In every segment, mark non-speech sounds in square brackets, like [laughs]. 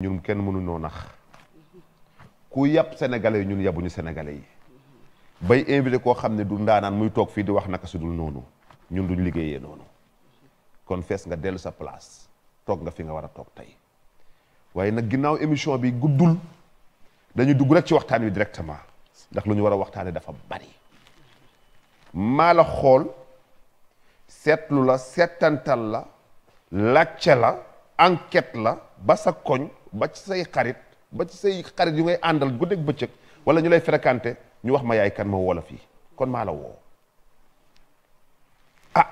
ñun kenn mënuñoo nax ku yàpp sénégalais yi ñun yàbuñu sénégalais yi bay invité koo xam ne du ndaanaan muy toog fii di wax naka su dul noonu ñun duñ liggéeyee noonu kon fees nga dellu sa place toog nga fi nga war a toog tey waaye nag ginnaaw émission bi guddul dañuy dugg rek ci waxtaan wi directement ndax lu ñu war a waxtaanee dafa bari maa la xool seetlu la seetantal la làcce la enquête la ba sa koñ ba ci xarit ba ci say xarit yu ngay àndal guddeeg bëccëg wala ñu lay fréquenté ñu wax ma yaay kan ma woo fii kon maa la woo ah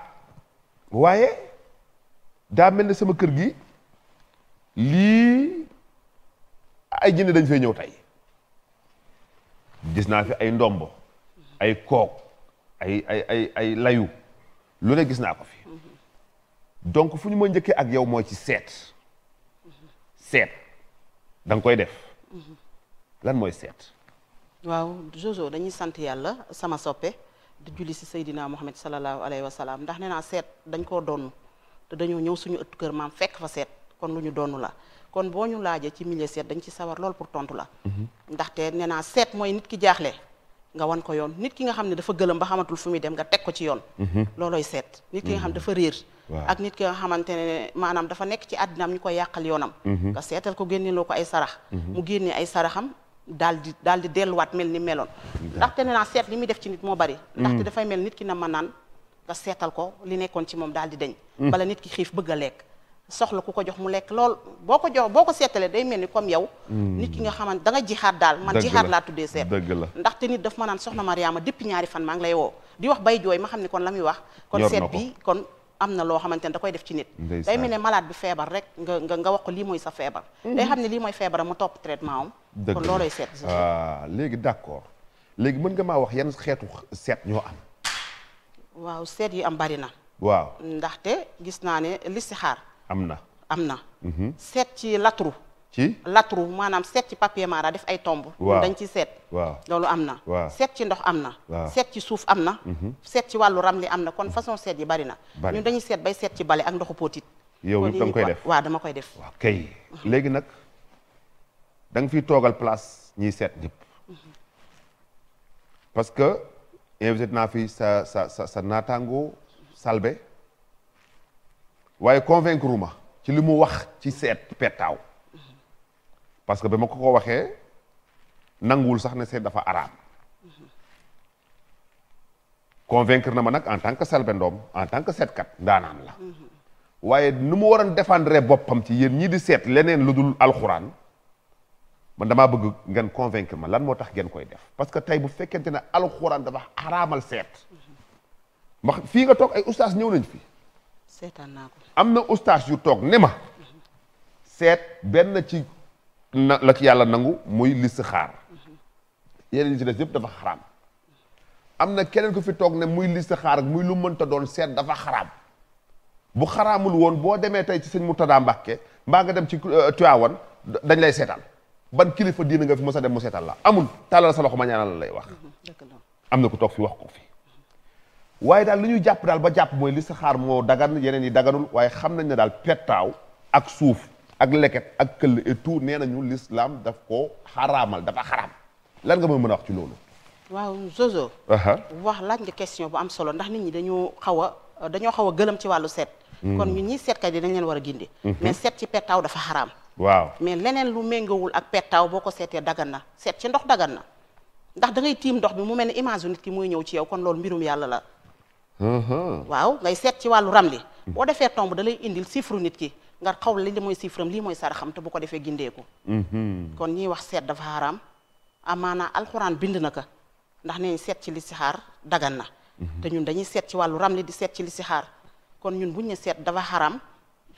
waaye daa mel ni sama kër gi lii ay jinne dañ fay ñëw tey gis naa fi ay ndombo ay kook ay ay ay ay layu lu ne gis naa ko fi donc fu ñu ma njëkkee ak yow mooy ci seet seet da koy def lan mooy seet waaw Jojo dañuy sant yàlla sama soppe di julli si Seydina Muhammad sallallahu alayhi wa salaam ndax ne naa seet dañ koo donn te dañoo ñëw suñu ëttu kër maam fekk fa seet kon lu ñu donn la kon boo ñu laajee ci milieu seet dañ ci sawar lool pour tontu la mhm. ndaxte ne naa seet mooy nit ki jaaxle nga wan ko yoon nit ki nga xam ne dafa gëlëm ba xamatul fu muy dem nga teg ko ci yoon mhm. loolooy seet nit ki nga xam mhm. dafa réer ak nit ki nga xamante ne maanaam dafa nekk ci àddinaam ñu koy yàqal yoonam mhm. nga seetal ko génne loo ko ay sarax mu génne ay saraxam daal di daal di delluwaat mel ni meloon ndaxte ne naa seet li muy def ci nit moo bari ndaxte dafay mel nit ki na ma naan nga seetal ko li nekkoon ci moom daal di deñ bala nit ki xiif bëgg a lekk soxla ku ko jox mu lekk lool boo ko jox boo ko seetalee day mel ni comme yow hmm. nit ki nga xamante danga jixaat daal man jixaat laa tuddee seet dëgg la ndaxte nit daf ma naan soxna Mariama depuis fan maa ngi lay woo di wax bay jooy ma xam ne kon la muy wax kon seet bi kon am na loo xamante ne da def ci nit day mel ne malaat bi feebar rek nga nga nga wax ko lii mooy sa feebar hmm. day xam ne lii mooy feebaram mu topp traitement am kon looloy seet ah, léegi d'accord léegi mën nga maa wax yan xeetu seet ñoo am waaw seet yi am bari na waaw ndaxte gis naa ne xaar am na am na mhm. seet ci latru ci latru maanaam seet ci papier mara def ay tomb waaw dañ ci seet waaw loolu am na waaw seet ci ndox am na waaw seet ci suuf am na mhm. seet ci wàllu ramli am na kon façon seet yi bari na ñun dañuy seet bay seet ci bale ak ndoxu potit yow da nga koy def waaw dama koy def waaw kay mhm. léegi nag da nga fiy toogal place ñiy seet ñëpp parce que invité naa fi sa sa sa sa salbe waaye convaincre ma ci li mu wax ci seet pettaaw parce que ba ma ko ko waxee nanguwul sax ne seet dafa araam convaincre na ma nag en tant que Selbé en tant que seetkat ndaanaan la waaye nu mu waroon défendre boppam ci yéen ñii di seet leneen lu dul alxuraan man damaa bëgg ngeen convaincre ma lan moo tax ngeen koy def parce que tey bu fekkente ne alxuraan dafa araamal seet. wax fii nga toog ay ustaas ñëw nañ fi. seetaan naa am na ustaas yu toog ne ma seet benn ci na la ci yàlla nangu muy xaar yeneen yi ci des yëpp dafa xaraam am na keneen ku fi toog ne muy listixaar muy lu mënta doon seet dafa xaraam bu xaraamul woon boo demee tey ci sëñ Murtada Mbàkke mbaa nga dem ci euh, Tiwaawan dañ lay seetal ban kilifa diina nga fi mos a dem mu seetal la amul tàllal sa loxo ma ñaanal lay wax am na ku toog fi wax ko fi waaye daal li ñuy jàpp daal ba jàpp mooy li saxaar moo dagan yeneen yi daganul waaye xam nañ ne daal pettaaw ak suuf ak leket ak këll et tout nee nañu l'islam daf ko xaraamal dafa xaraam lan nga ma mën a wax ci loolu waaw wax laaj nga question bu am solo ndax nit ñi dañoo xaw a dañoo xaw a gëlëm ci wàllu seet hmm. kon ñun ñiy seetkat yi dañ leen war a gindi hmm. mais seet ci pettaaw dafa xaraam waaw mais leneen lu méngawul ak pettaaw boo ko seetee dagan na seet ci ndox dagan na ndax da ngay tiim ndox mi mu mel ne image nit ki muy ñëw ci yow kon loolu mbirum yàlla la Uh-huh. waaw ngay seet ci wàllu ramli boo defee tomb da lay indil chiffre nit ki ngar xaw li li mooy chiffre lii mooy saraxam te bu ko defee gindeeku uh-huh. kon ñiy wax seet dafa haram amaana alxuraan bind na ko ndax nee seet ci listixaar dagan na uh-huh. te ñun dañuy seet ci wàllu ramli di seet ci listixaar kon ñun buñ seet dafa haram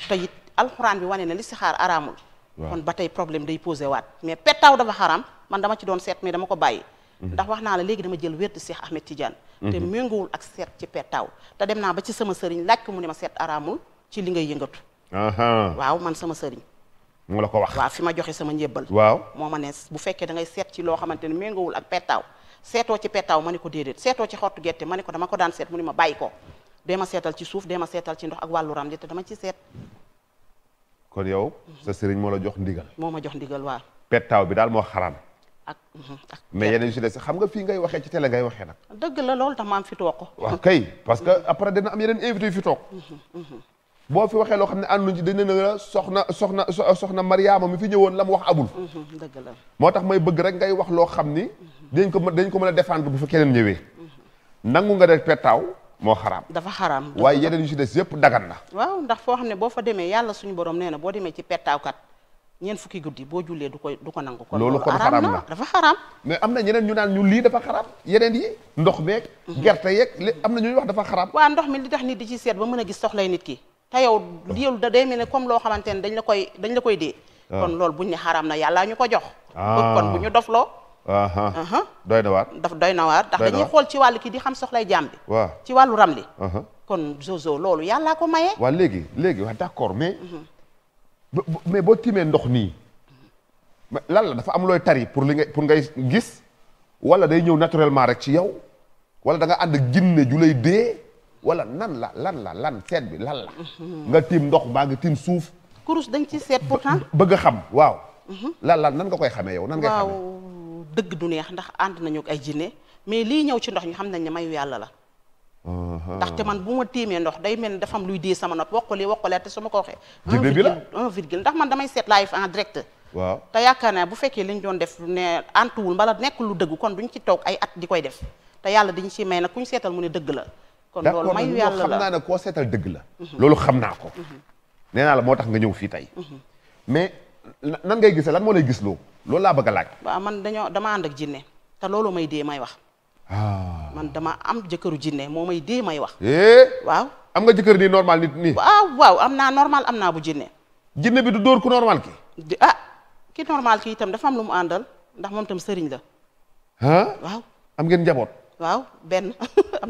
te it alxuraan bi wane na li listixaar araamul kon ba tey problème day posé waat mais pettaaw dafa haram man dama ci doon seet mais dama ko bàyyi ndax wax naa la léegi dama jël wérdu Cheikh Ahmed Tidiane te mhm. méngoowul ak seet ci pettaaw te dem naa ba ci sama sëriñ laaj ko mu ne ma seet araamul ci li ngay yëngatu waaw man sama sëriñ moo la ko wax waaw fi ma joxe sama njébbal waaw moo ma bu fekkee da ngay seet ci loo xamante ne méngoowul ak pettaaw seetoo ci pettaaw ma ne ko déedéet seetoo ci xottu gerte ma ne ko dama ko daan seet mu ne ma bàyyi ko dee ma seetal ci suuf dee ma seetal ci ndox ak wàllu ram dama ci seet kon yow mhm. sa sëriñ la jox ndigal moo ma jox ndigal waa pettaaw bi daal moo xaraam Mhm, ak mais yeneen si des xam nga fii ngay waxee ci télé ngay waxee nag. dëgg la loolu tax ma am fi toog ko. kay parce que après dina am yeneen invité yu fi toog. Mhm, mhm. boo fi waxee loo xam ne ànduñ ci dina ne la soxna soxna soxna Mariama mi fi ñëwoon la mu wax abul. dëgg la moo tax may bëgg rek ngay wax loo xam ni. dañ ko mën dañ ko mën a défendre bu fa keneen ñëwee. nangu nga rek pettaaw moo xaraam. dafa xaraam waaye yeneen yu si des yëpp dagan na. waaw ndax foo xam ne boo fa demee yàlla suñu boro nee na boo demee ci pettaawkat. ñeent fukki guddi boo jullee du koy du ko nangu. kon loolu kon xaraam na dafa xaraam. mais am na ñeneen ñu naan ñu lii dafa xaraam yeneen yi ndox beeg. Mhm. gerte yeeg li am na ñu wax dafa xaram waaw ndox mi li tax nit di ci seet ba mën a gis soxlay nit ki te yow yow da day mel ne comme loo xamante ne dañ la koy dañ la koy dee. Ah. kon loolu buñ ne xaraam na yàlla ñu ko jox. kon ah. bu ñu dof loo. doy na waar daf doy na waar ndax dañuy xool ci wàllu kii di xam soxlay jaam bi. waaw ci wàllu ram li. kon zozo loolu yàllaa ko maye. waaw léegi léegi waaw d'accord mais mhm. mais boo tiimee ndox nii lan la dafa am looy tari pour li ngay pour ngay gis wala day ñëw naturellement rek ci yow wala da nga ànd ak jinne ju lay dee wala nan la lan la lan seet bi lan la. Mhm. nga tiim ndox mbaa nga tiim suuf. kurus dañ ci seet pourtant. bëgg xam waaw. Mhm. lan lan nan nga koy xamee yow nan ngay xamee. dëgg du neex ndax ànd nañu ak ay jinne mais lii ñëw ci ndox ñu xam nañ ne mayu yàlla la. ndaxte man bu ma téemee ndox day mel ni dafa am luy dee sama nopp wokkali wokkali te su ma ko waxee. jibe bi la ndax man damay seet live en direct. te yaakaar naa bu fekkee li doon def ne antuwul kon duñ ci toog di koy def te yàlla dañu ci may nag kuñ seetal mu ne dëgg la. kon loolu mayu yàlla la xam naa ne koo seetal dëgg la. Mhm. loolu xam naa ko. Mhm. nee naa la moo tax nga ñëw fii tey. Mhm. mais nan ngay gisee lan moo lay gis loo loolu laa bëgg a laaj. waaw man dañoo dama ànd ak jinne te loolu may dee may wax Ah. man dama am jëkkëru jinne moo may dee may wax. Eh? waaw. am nga jëkkër di normal nit nii. waaw waaw am naa normal am naa bu jinne. jinne bi du dóor ku normal ki di ah ki normal ki itam dafa am lu mu àndal ndax moom itam sëriñ la. ah waaw. njaboot. waaw benn. [laughs] am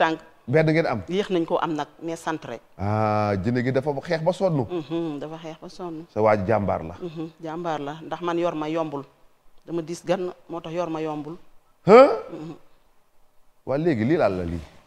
tànk. benn ngeen yéex nañ koo am nag mais sant rek. ah jinne gi dafa xeex ba sonn. Mhm, dafa xeex ba sonn. sa jàmbaar la. Mhm, la ndax man yor ma yombul dama diis gan moo tax yor ma yombul. Mhm. waaye léegi lii laal la lii